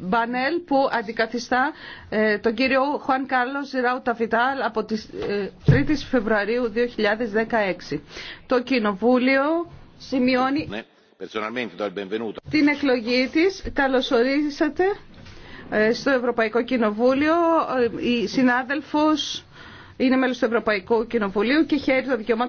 Μπανέλ που αντικαθιστά ε, τον κύριο Χουάν Κάρλο Ζηράου Ταφιτάλ από τις 3 ε, Φεβρουαρίου 2016. Το Κοινοβούλιο σημειώνει ναι, την εκλογή της. Καλωσορίσατε ε, στο Ευρωπαϊκό Κοινοβούλιο. Η συνάδελφος είναι μέλος του Ευρωπαϊκού Κοινοβουλίου και χαίρει το δικαιωμάτιο.